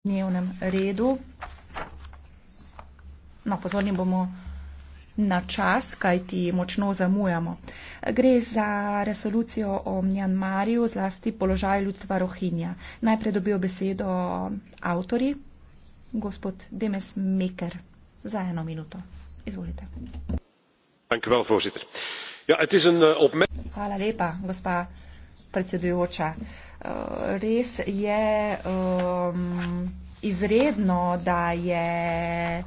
dnevnem redu. No, pozorni bomo na čas, kaj ti močno zamujamo. Gre za resolucijo o Mjanmarju, zlasti položaj ljudstva Rohinja. Najprej dobijo besedo avtori, gospod Demes Meker, za eno minuto. Izvolite. Well, ja, open... Eh, Hvala lepa, gospa predsedujoča. Uh, res je um, izredno, da je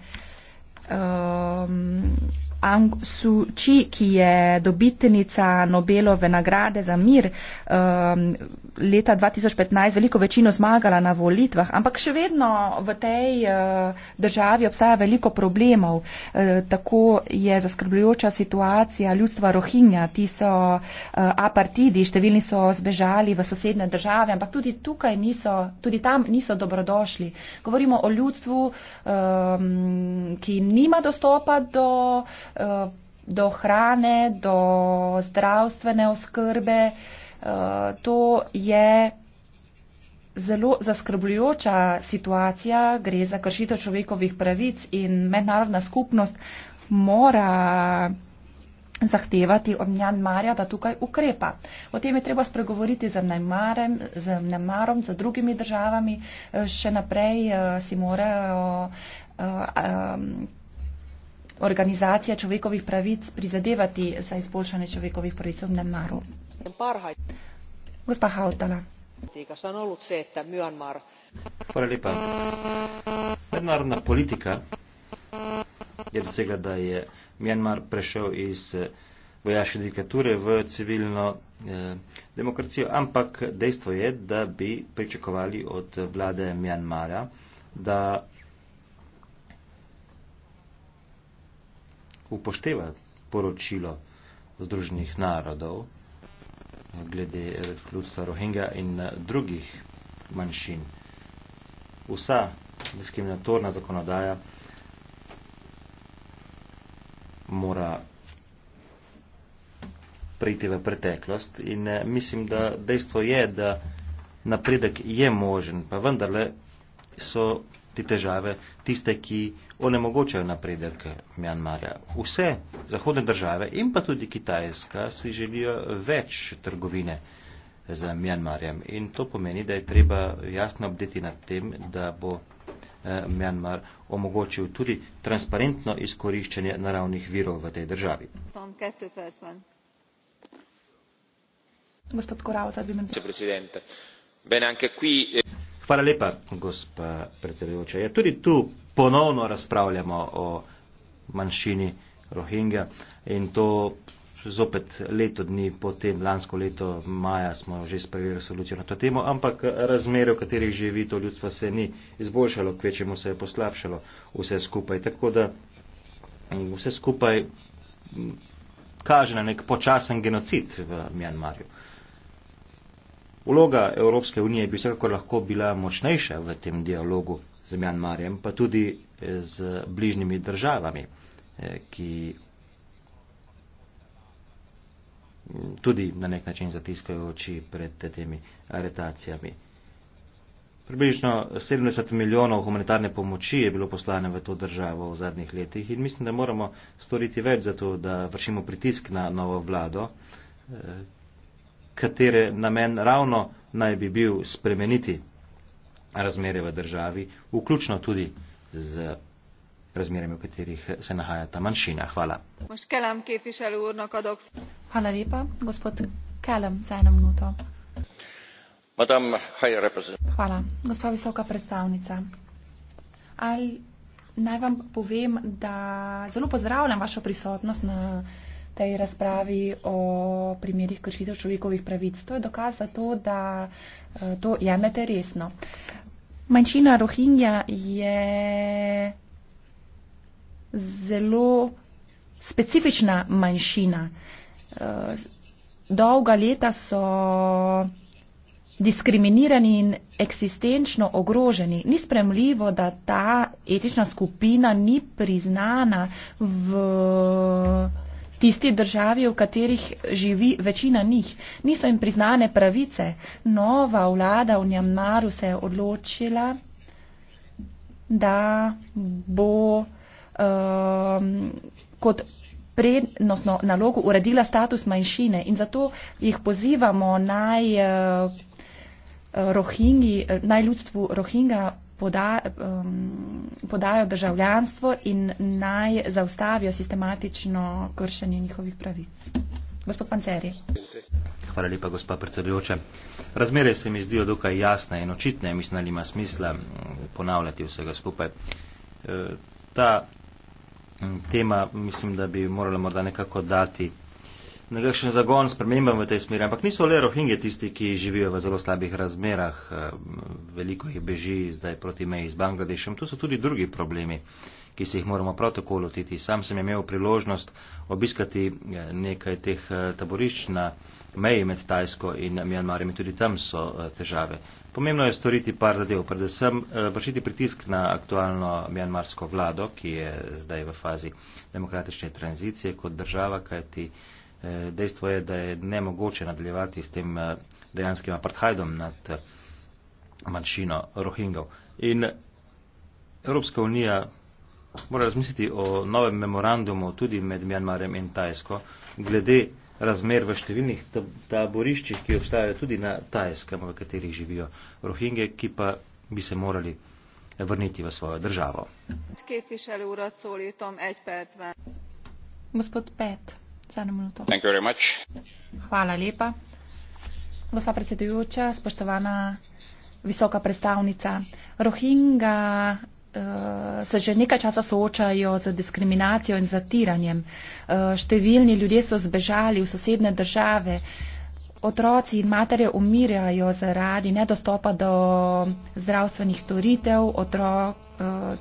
um, Aung Suu Kyi, ki je dobitnica Nobelove nagrade za mir um, leta 2015, veliko večino zmagala na volitvah, ampak še vedno v tej uh, državi obstaja veliko problemov. Uh, tako je zaskrbljujoča situacija ljudstva Rohingja. Ti so uh, apartidi, številni so zbežali v sosedne države, ampak tudi tukaj niso, tudi tam niso dobrodošli. Govorimo o ljudstvu, um, ki nima dostopa do Eh, do hrane, do zdravstvene oskrbe. Eh, to je zelo zaskrbljujoča situacija, gre za kršitev človekovih pravic in mednarodna skupnost mora zahtevati od Mjanmarja, da tukaj ukrepa. O tem je treba spregovoriti z Mjanmarem, z Mjanmarom, z drugimi državami. Eh, še naprej si morajo. Uh, um, organizacija človekovih pravic prizadevati za izboljšanje človekovih pravic v Mnemaru. Gospa Hautala. Hvala lepa. Mednarodna politika je dosegla, da je Mjanmar prešel iz eh, vojaške diktature v civilno eh, demokracijo, ampak dejstvo je, da bi pričakovali od vlade Mjanmara, da upošteva poročilo Združenih narodov glede ljudstva Rohingja in eh, drugih manjšin. Vsa diskriminatorna zakonodaja mora priti v preteklost in eh, mislim, da dejstvo je, da napredek je možen, pa vendarle so te težave tiste, ki onemogočajo napredek Mjanmarja. Vse zahodne države in pa tudi Kitajska si želijo več trgovine z Mjanmarjem. In to pomeni, da je treba jasno obdeti nad tem, da bo eh, Mjanmar omogočil tudi transparentno izkoriščanje naravnih virov v tej državi. Gospod Korao, za dve minuti. Hvala lepa, gospa predsedujoča. Ja, tudi tu ponovno razpravljamo o manjšini Rohingja in to zopet leto dni potem, lansko leto maja smo že sprejeli resolucijo na to temo, ampak razmere, v katerih živi to ljudstvo, se ni izboljšalo, kvečemu se je poslabšalo vse skupaj. Tako da vse skupaj kaže na nek počasen genocid v Mjanmarju. Vloga Evropske unije bi vsekakor lahko bila močnejša v tem dialogu z Mjanmarjem, pa tudi eh, z bližnjimi državami, eh, ki mm, tudi na nek način zatiskajo oči pred temi aretacijami. Približno 70 milijonov humanitarne pomoči je bilo poslane v to državo v zadnjih letih in mislim, da moramo storiti več za to, da vršimo pritisk na novo vlado, eh, katere namen ravno naj bi bil spremeniti razmere v državi, vključno tudi z razmerami, v katerih se nahaja ta manjšina. Hvala. Hvala lepa. Gospod Kelem, za eno minuto. Hvala. Gospa visoka predstavnica. Ali naj vam povem, da zelo pozdravljam vašo prisotnost na tej razpravi o primerih kršitev človekovih pravic. To je dokaz za to, da eh, to jemete resno. Manjšina Rohingja je zelo specifična manjšina. Eh, dolga leta so diskriminirani in eksistenčno ogroženi. Ni spremljivo, da ta etična skupina ni priznana v tisti državi, v katerih živi večina njih. Niso jim priznane pravice. Nova vlada v Njamnaru se je odločila, da bo um, kot prednostno nalogo uredila status manjšine in zato jih pozivamo naj uh, rohingi, naj ljudstvu rohinga poda, um, podajo državljanstvo in naj zaustavijo sistematično kršenje njihovih pravic. Gospod Panceri. Hvala lepa, gospa predsedujoča. Razmere se mi zdijo dokaj jasne in očitne, mislim, ali ima smisla ponavljati vsega skupaj. E, ta tema mislim, da bi morala morda nekako dati na kakšen zagon spremembam v tej smeri. Ampak niso le rohingje tisti, ki živijo v zelo slabih razmerah. Eh, veliko jih beži zdaj proti meji z Bangladešem. Tu so tudi drugi problemi, ki se jih moramo prav tako lotiti. Sam sem imel priložnost obiskati eh, nekaj teh eh, taborišč na meji med Tajsko in Mjanmarjem in tudi tam so težave. Pomembno je storiti par zadev, predvsem vršiti pritisk na aktualno mjanmarsko vlado, ki je zdaj v fazi demokratične tranzicije kot država, kajti dejstvo je, da je nemogoče nadaljevati s tem eh, dejanskim apartheidom nad eh, manjšino Rohingov. In Evropska unija mora razmisliti o novem memorandumu tudi med Mjanmarjem in Tajsko, glede razmer v številnih taboriščih, ki obstajajo tudi na Tajskem, v katerih živijo Rohinge, ki pa bi se morali vrniti v svojo državo. Gospod Pet eno minuto. Hvala lepa. Gospa predsedujoča, spoštovana visoka predstavnica. Rohingja uh, se že nekaj časa soočajo z diskriminacijo in zatiranjem. Uh, številni ljudje so zbežali v sosedne države. Uh, otroci in matere umirajo zaradi nedostopa do zdravstvenih storitev, otrok, eh,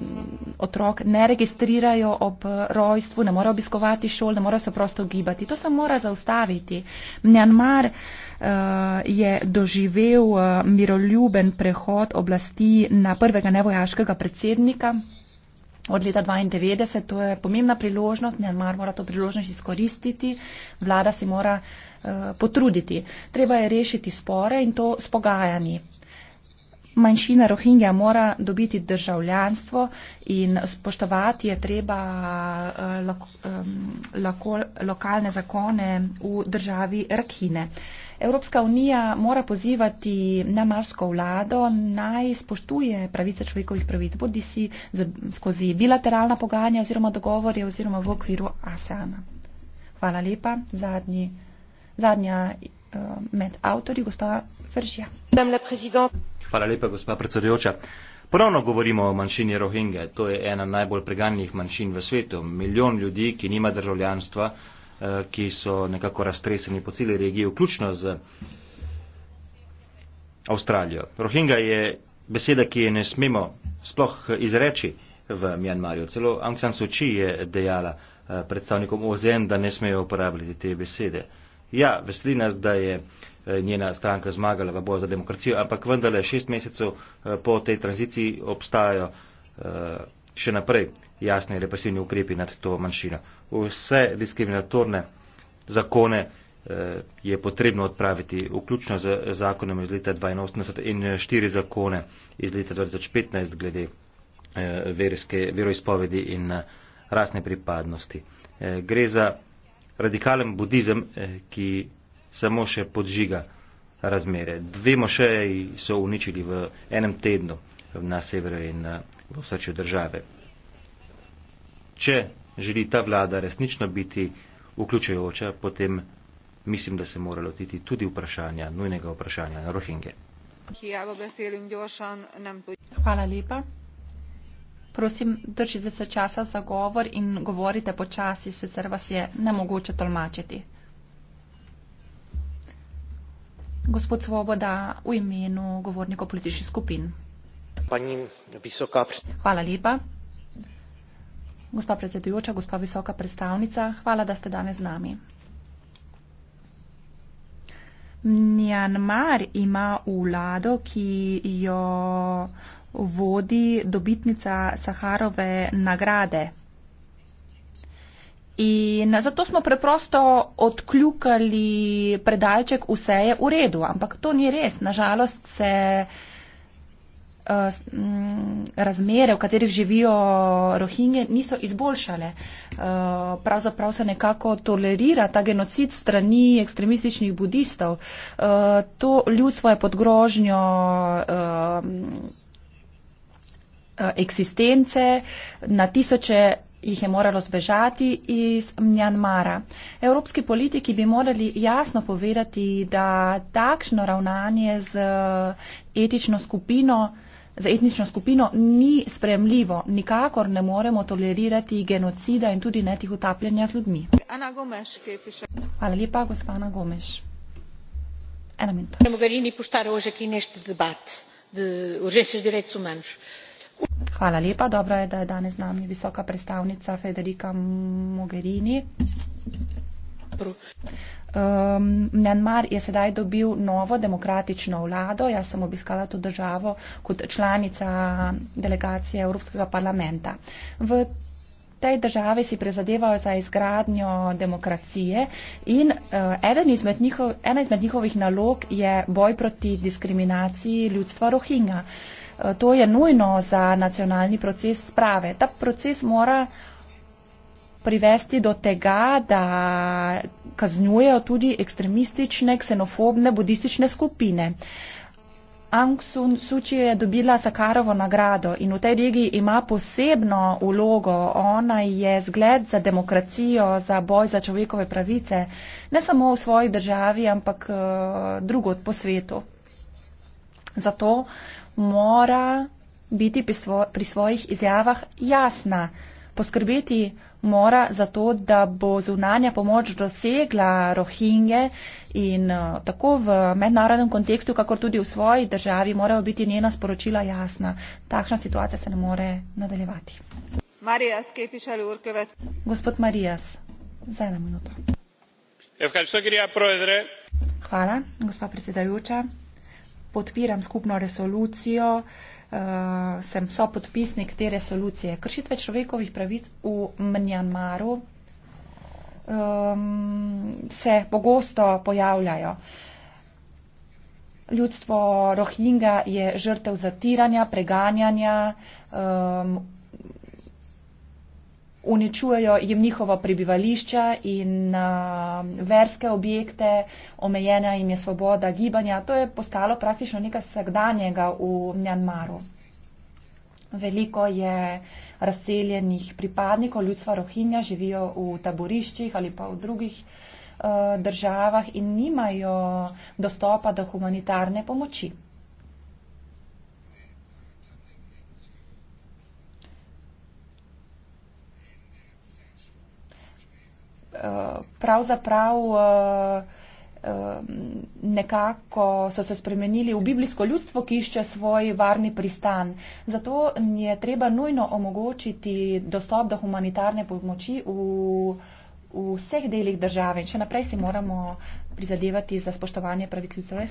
otrok ne registrirajo ob rojstvu, ne morejo obiskovati šol, ne morejo se prosto gibati. To se mora zaustaviti. Mjanmar eh, je doživel eh, miroljuben prehod oblasti na prvega nevojaškega predsednika od leta 92, to je pomembna priložnost, Mjanmar mora to priložnost izkoristiti, vlada si mora uh, potruditi. Treba je rešiti spore in to s pogajanji. Manjšina Rohingja mora dobiti državljanstvo in spoštovati je treba eh, lahko, eh, lahko, lokalne zakone v državi Rakhine. Uh, Evropska unija mora pozivati namarsko vlado naj spoštuje pravice človekovih pravic, bodi si skozi bilateralna pogajanja oziroma dogovore oziroma v okviru ASEAN-a. Hvala lepa. Zadnji, zadnja uh, med avtori, gospa Fržija. Hvala lepa, gospa predsedujoča. Ponovno govorimo o manjšini Rohingja. To je ena najbolj preganjih manjšin v svetu. Milijon ljudi, ki nima državljanstva, Eh, ki so nekako raztreseni po celi regiji, vključno z Avstralijo. Rohingja je beseda, ki je ne smemo sploh izreči v Mjanmarju. Celo Aung San Suu Kyi je dejala eh, predstavnikom OZN, da ne smejo uporabljati te besede. Ja, veseli nas, da je eh, njena stranka zmagala v boju za demokracijo, ampak vendarle šest mesecev po tej tranziciji obstajajo še naprej jasni represivni ukrepi nad to manjšino. Vse diskriminatorne zakone eh, je potrebno odpraviti, vključno z zakonom iz leta 82 in eh, štiri zakone iz leta 2015 glede eh, verske, veroizpovedi in eh, rasne pripadnosti. Eh, gre za radikalen budizem, eh, ki samo še podžiga razmere. Dve mošeji so uničili v enem tednu na severu in eh, v srčju države. Če želi ta vlada resnično biti vključujoča, potem mislim, da se mora lotiti tudi vprašanja, nujnega vprašanja na Rohinge. Hvala lepa. Prosim, držite se časa za govor in govorite počasi, sicer vas je nemogoče tolmačiti. Gospod Svoboda, v imenu govornikov političnih skupin. Gospa predsedujoča, gospa visoka predstavnica, hvala, da ste danes z nami. Mjanmar ima vlado, ki jo vodi dobitnica Saharove nagrade. In zato smo preprosto odkljukali predalček, vse je v redu, ampak to ni res. Nažalost se uh, razmere, v katerih živijo rohinje, niso izboljšale. Uh, pravzaprav se nekako tolerira ta genocid strani ekstremističnih budistov. Uh, to ljudstvo je pod grožnjo. Uh, eksistence, na tisoče jih je moralo zbežati iz Mjanmara. Evropski politiki bi morali jasno povedati, da takšno ravnanje z etično skupino uh, za etnično skupino ni spremljivo. Nikakor ne moremo tolerirati genocida in tudi netih utapljanja z ljudmi. Ana Gomes, ki je piše. Hvala lepa, gospa Ana Gomes. Ana Minto. Ne mogu ni puštati rože, ki nešte debat. De, Hvala lepa, dobro je, da je danes z nami visoka predstavnica Federica Mogherini. Kipru. Um, Mjanmar je sedaj dobil novo demokratično vlado. Jaz sem obiskala to državo kot članica delegacije Evropskega parlamenta. V tej državi si prizadevajo za izgradnjo demokracije in uh, eden izmed njihov, ena izmed njihovih nalog je boj proti diskriminaciji ljudstva Rohinga. Uh, eh, to je nujno za nacionalni proces sprave. Ta proces mora privesti do tega, da kaznjujejo tudi ekstremistične, ksenofobne, budistične skupine. Aung San Suu Kyi je dobila Sakarovo nagrado in v tej regiji ima posebno ulogo. Ona je zgled za demokracijo, za boj za človekove pravice, ne samo v svoji državi, ampak eh, drugod po svetu. Zato mora biti pri svojih izjavah jasna, poskrbeti mora za to, da bo zunanja pomoč dosegla rohinje in uh, tako v mednarodnem kontekstu, kakor tudi v svoji državi, morajo biti njena sporočila jasna. Takšna situacija se ne more nadaljevati. Marijas, kaj piše ali urkevet? Gospod Marijas, za eno minuto. Hvala, gospa predsedajoča. Podpiram skupno resolucijo uh, sem sopodpisnik te resolucije. Kršitve človekovih pravic v Mnjanmaru um, ehm, se pogosto pojavljajo. Ljudstvo Rohingja je žrtev zatiranja, preganjanja, um, uničujejo jim njihova prebivališča in uh, verske objekte, omejena jim je svoboda gibanja. To je postalo praktično nekaj vsakdanjega v Mjanmaru. Veliko je razseljenih pripadnikov ljudstva Rohinja, živijo v taboriščih ali pa v drugih uh, državah in nimajo dostopa do humanitarne pomoči. pravzaprav eh, eh, nekako so se spremenili v biblijsko ljudstvo, ki išče svoj varni pristan. Zato je treba nujno omogočiti dostop do humanitarne pomoči v, v vseh delih države in še naprej si moramo prizadevati za spoštovanje pravic ljudstva.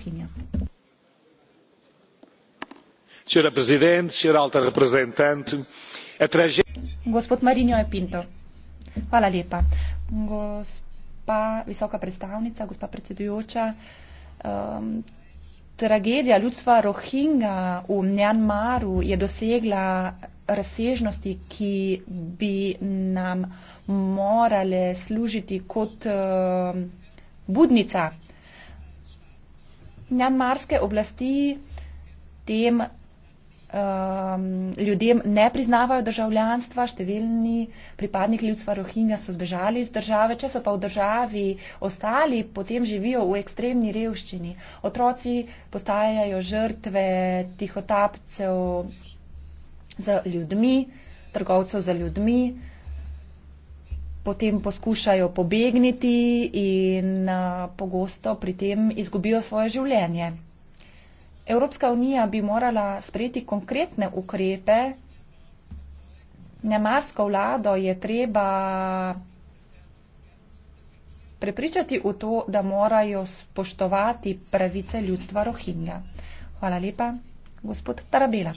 Gospod Marinjo je Pinto. Hvala lepa. Gospa visoka predstavnica, gospa predsedujoča, um, tragedija ljudstva Rohinga v Mjanmaru je dosegla razsežnosti, ki bi nam morale služiti kot um, budnica. Mjanmarske oblasti tem um, ljudem ne priznavajo državljanstva, številni pripadniki ljudstva Rohinja so zbežali iz države, če so pa v državi ostali, potem živijo v ekstremni revščini. Otroci postajajo žrtve tihotapcev z ljudmi, trgovcev z ljudmi. Potem poskušajo pobegniti in uh, pogosto pri tem izgubijo svoje življenje. Evropska unija bi morala sprejeti konkretne ukrepe. Nemarsko vlado je treba prepričati v to, da morajo spoštovati pravice ljudstva Rohingja. Hvala lepa, gospod Tarabela.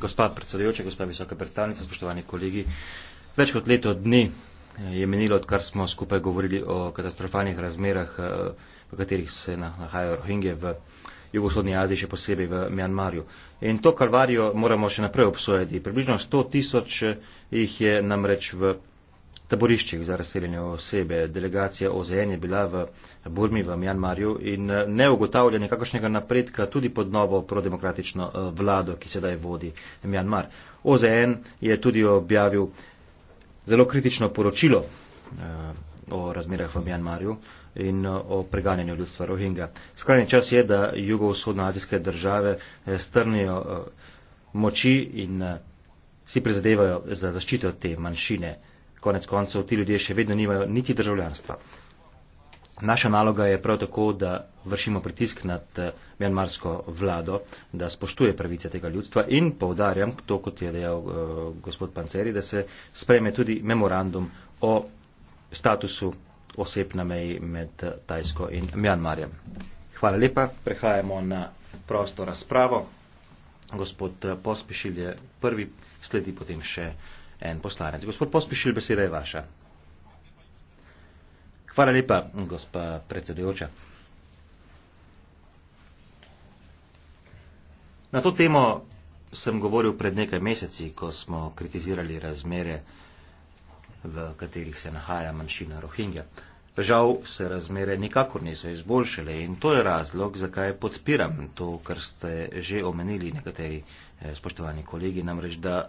Gospa predsedujoča, gospa visoka predstavnica, spoštovani kolegi. Več kot leto dni eh, je menilo, odkar smo skupaj govorili o katastrofalnih razmerah, eh, v katerih se nahajajo Rohingje v jugovzhodni Aziji, še posebej v Mjanmarju. In to kalvarijo moramo še naprej obsojati. Približno 100 tisoč eh, jih je namreč v taboriščih za razseljenje osebe. Delegacija OZN je bila v Burmi, v Mjanmarju in eh, ne ugotavlja nekakšnega napredka tudi pod novo prodemokratično eh, vlado, ki sedaj vodi Mjanmar. OZN je tudi objavil zelo kritično poročilo o razmerah v Mjanmarju in eh, o preganjanju ljudstva Rohingja. Skrajni čas je, da jugovzhodno azijske države eh, strnijo eh, moči in si prizadevajo za zaščito te manjšine. Konec koncev ti ljudje še vedno nimajo niti državljanstva. Naša naloga je prav tako, da vršimo pritisk nad mjanmarsko vlado, da spoštuje pravice tega ljudstva in poudarjam to, kot je dejal uh, gospod Panceri, da se spreme tudi memorandum o statusu oseb na meji med Tajsko in Mjanmarjem. Hvala lepa. Prehajamo na prosto razpravo. Gospod Pospišil je prvi, sledi potem še en poslanec. Gospod Pospišil, beseda je vaša. Hvala lepa, gospa predsedujoča. Na to temo sem govoril pred nekaj meseci, ko smo kritizirali razmere v katerih se nahaja manjšina Rohingja. Žal se razmere nikakor niso izboljšale in to je razlog, zakaj podpiram to, kar ste že omenili nekateri eh, spoštovani kolegi, namreč, da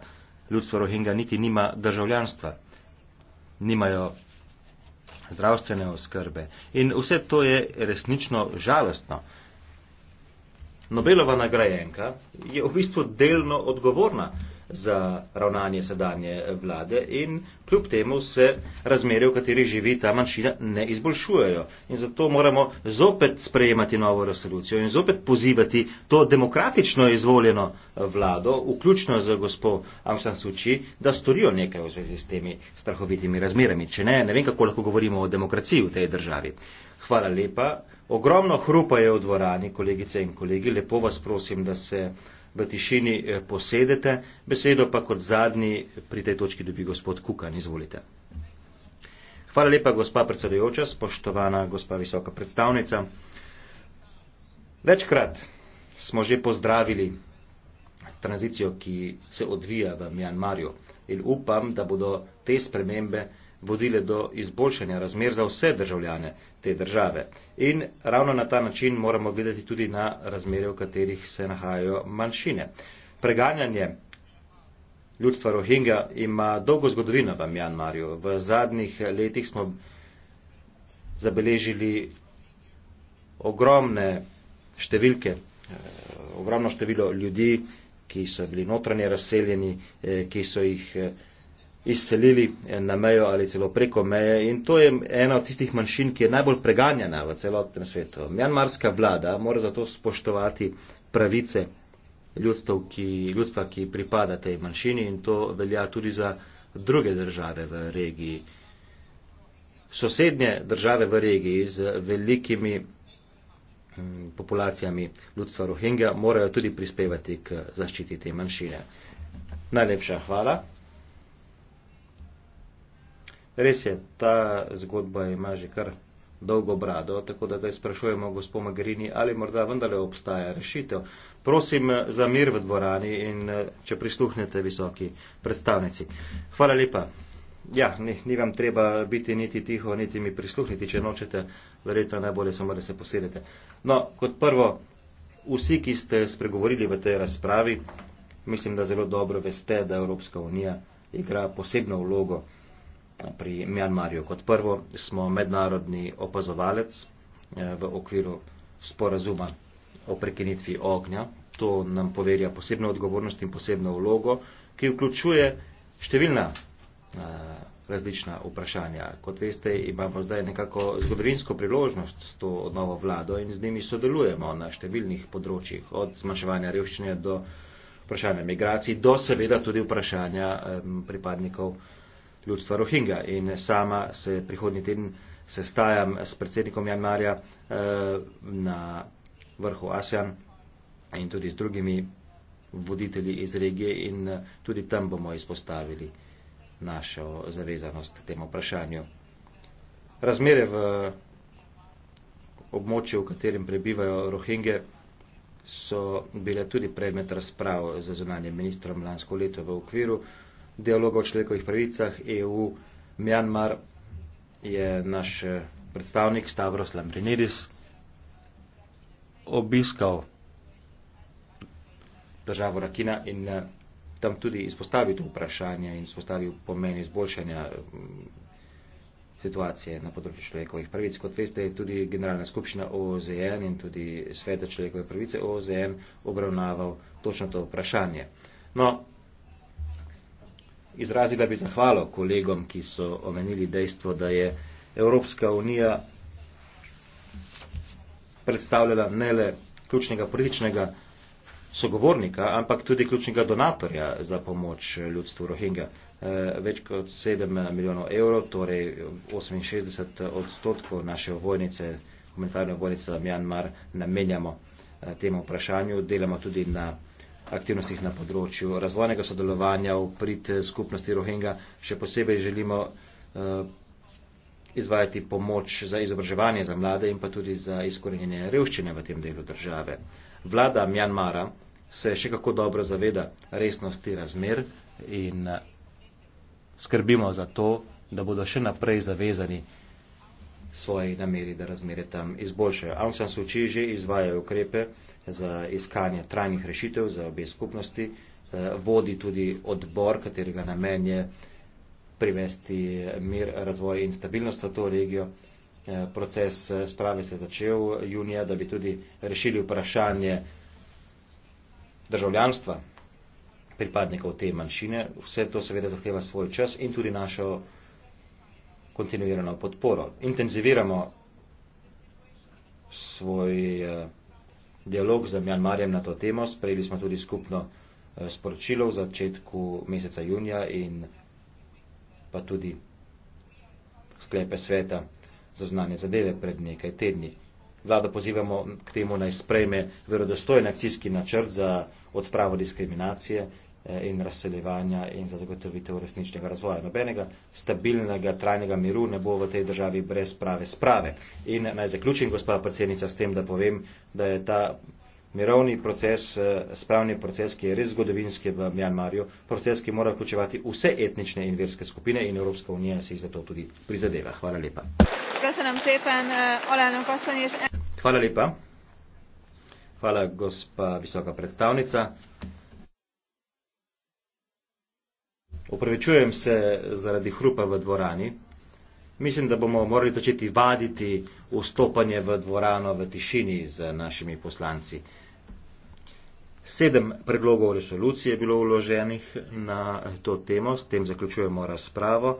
ljudstvo Rohingja niti nima državljanstva, nimajo zdravstvene oskrbe in vse to je resnično žalostno. Nobelova nagrajenka je v bistvu delno odgovorna za ravnanje sedanje vlade in kljub temu se razmere, v kateri živi ta manjšina, ne izboljšujejo. In zato moramo zopet sprejemati novo resolucijo in zopet pozivati to demokratično izvoljeno vlado, vključno z gospod Aung San Suu Kyi, da storijo nekaj v zvezi s temi strahovitimi razmerami. Če ne, ne vem, kako lahko govorimo o demokraciji v tej državi. Hvala lepa. Ogromno hrupa je v dvorani, kolegice in kolegi. Lepo vas prosim, da se v tišini eh, posedete, besedo pa kot zadnji pri tej točki dobi gospod Kukan. Izvolite. Hvala lepa, gospa predsedojoča, spoštovana gospa visoka predstavnica. Večkrat smo že pozdravili tranzicijo, ki se odvija v Mjanmarju in upam, da bodo te spremembe vodile do izboljšanja razmer za vse državljane te države. In ravno na ta način moramo gledati tudi na razmere, v katerih se nahajajo manjšine. Preganjanje ljudstva Rohingja ima dolgo zgodovino v Mjanmarju. V zadnjih letih smo zabeležili ogromne številke, eh, ogromno število ljudi, ki so bili notranje razseljeni, eh, ki so jih eh, izselili eh, na mejo ali celo preko meje in to je ena od tistih manjšin, ki je najbolj preganjena v celotnem svetu. Mjanmarska vlada mora zato spoštovati pravice ljudstv, ki, ljudstva, ki pripada tej manjšini in to velja tudi za druge države v regiji. Sosednje države v regiji z velikimi hm, populacijami ljudstva Rohingja morajo tudi prispevati k zaščiti te manjšine. Najlepša hvala. Res je, ta zgodba ima že kar dolgo brado, tako da zdaj sprašujemo gospod Magrini, ali morda vendarle obstaja rešitev. Prosim za mir v dvorani in eh, če prisluhnete visoki predstavnici. Hvala lepa. Ja, ni, ni vam treba biti niti tiho, niti mi prisluhniti, če nočete, verjetno najbolje samo, da se posedete. No, kot prvo, vsi, ki ste spregovorili v tej razpravi, mislim, da zelo dobro veste, da Evropska unija igra posebno vlogo pri Mjanmarju. Kot prvo smo mednarodni opazovalec eh, v okviru sporazuma o prekinitvi ognja. To nam poverja posebno odgovornost in posebno vlogo, ki vključuje številna eh, različna vprašanja. Kot veste, imamo zdaj nekako zgodovinsko priložnost s to novo vlado in z njimi sodelujemo na številnih področjih, od zmanjševanja revščine do vprašanja migracij, do seveda tudi vprašanja pripadnikov ljudstva Rohingja. In sama se prihodnji teden sestajam s predsednikom Janmarja eh, na vrhu ASEAN in tudi z drugimi voditelji iz regije in eh, tudi tam bomo izpostavili našo zavezanost temu vprašanju. Razmere v območju, v katerem prebivajo Rohingje, so bile tudi predmet razprav za zunanje ministrom lansko leto v okviru dialoga o človekovih pravicah EU Mjanmar je naš eh, predstavnik Stavros Lambrinidis obiskal državo Rakina in eh, tam tudi izpostavil to vprašanje in izpostavil pomen izboljšanja mm, situacije na področju človekovih pravic. Kot veste, je tudi Generalna skupščina OZN in tudi Sveta človekove pravice OZN obravnaval točno to vprašanje. No, Izrazila bi zahvalo kolegom, ki so omenili dejstvo, da je Evropska unija predstavljala ne le ključnega političnega sogovornika, ampak tudi ključnega donatorja za pomoč ljudstvu Rohingja. Eh, več kot 7 milijonov evrov, torej 68 odstotkov naše vojnice, humanitarne vojnice za Mjanmar, namenjamo eh, temu vprašanju. Delamo tudi na aktivnostih na področju razvojnega sodelovanja v prid eh, skupnosti Rohingja. Še posebej želimo eh, izvajati pomoč za izobraževanje za mlade in pa tudi za izkorenjenje revščine v tem delu države. Vlada Mjanmara se še kako dobro zaveda resnosti razmer in eh, skrbimo za to, da bodo še naprej zavezani svoji nameri, da razmere tam izboljšajo. Aung San Suu Kyi že izvajajo ukrepe za iskanje trajnih rešitev za obe skupnosti, eh, vodi tudi odbor, katerega namen je privesti mir, razvoj in stabilnost v to regijo. Eh, proces eh, sprave se je začel junija, da bi tudi rešili vprašanje državljanstva pripadnikov te manjšine. Vse to seveda zahteva svoj čas in tudi našo kontinuirano podporo. Intenziviramo svoj eh, dialog z Mjanmarjem na to temo. Sprejeli smo tudi skupno eh, sporočilo v začetku meseca junija in pa tudi sklepe sveta za znanje zadeve pred nekaj tedni. Vlada pozivamo k temu naj sprejme verodostojen akcijski načrt za odpravo diskriminacije Eh, in razseljevanja in za zagotovitev resničnega razvoja. Nobenega stabilnega, trajnega miru ne bo v tej državi brez prave sprave. In naj zaključim, gospa predsednica, s tem, da povem, da je ta mirovni proces, eh, spravni proces, ki je res zgodovinski v Mjanmarju, proces, ki mora vključevati vse etnične in verske skupine in Evropska unija si za to tudi prizadeva. Hvala lepa. Eh, Hvala lepa. Hvala, gospa visoka predstavnica. Upravičujem se zaradi hrupa v dvorani. Mislim, da bomo morali začeti vaditi vstopanje v dvorano v tišini z našimi poslanci. Sedem predlogov resolucije je bilo vloženih na to temo, s tem zaključujemo razpravo.